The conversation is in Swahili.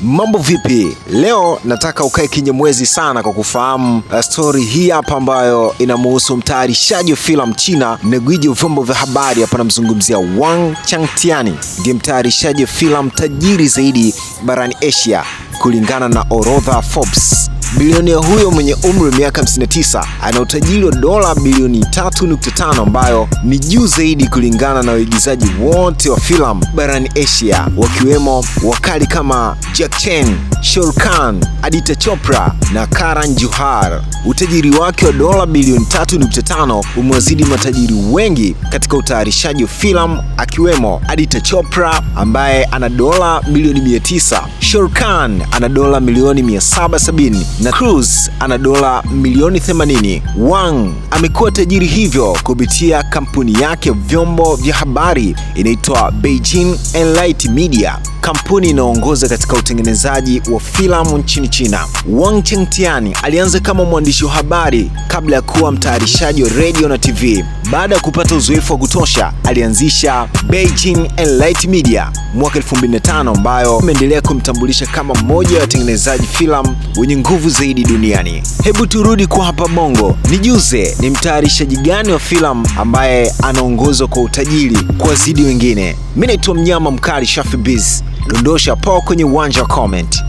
Mambo vipi? Leo nataka ukae kinyemwezi sana kwa kufahamu eh, stori hii hapa ambayo inamuhusu mtayarishaji wa filamu China na gwiji wa vyombo vya habari hapa, namzungumzia Wang Changtiani. Ndiye mtayarishaji wa filamu tajiri zaidi barani Asia kulingana na orodha Forbes. Bilionea huyo mwenye umri miaka 59 ana utajiri wa dola bilioni 3.5 ambayo ni juu zaidi kulingana na waigizaji wote wa filamu barani Asia, wakiwemo wakali kama Jack Chan, Shahrukh Khan, Aditya Chopra na Karan Johar. Utajiri wake wa dola bilioni 3.5 umewazidi matajiri wengi katika utayarishaji wa filamu akiwemo Aditya Chopra ambaye ana dola bilioni 900 Shurkan ana dola milioni 770 na Cruz ana dola milioni 80. Wang amekuwa tajiri hivyo kupitia kampuni yake vyombo vya habari inaitwa Beijing Enlight Media, kampuni inayoongoza katika utengenezaji wa filamu nchini China. Wang Chengtian alianza kama mwandishi wa habari kabla ya kuwa mtayarishaji wa radio na TV. Baada ya kupata uzoefu wa kutosha, alianzisha Beijing Enlight Media mwaka 2005 ambayo imeendelea kumtambulisha kama mmoja wa watengenezaji filamu wenye nguvu zaidi duniani. Hebu turudi kwa hapa Bongo, nijuze ni mtayarishaji gani wa filamu ambaye anaongozwa kwa utajiri zidi wengine? Mi naitwa mnyama mkali Shafi Biz, dondosha poa kwenye uwanja wa comment.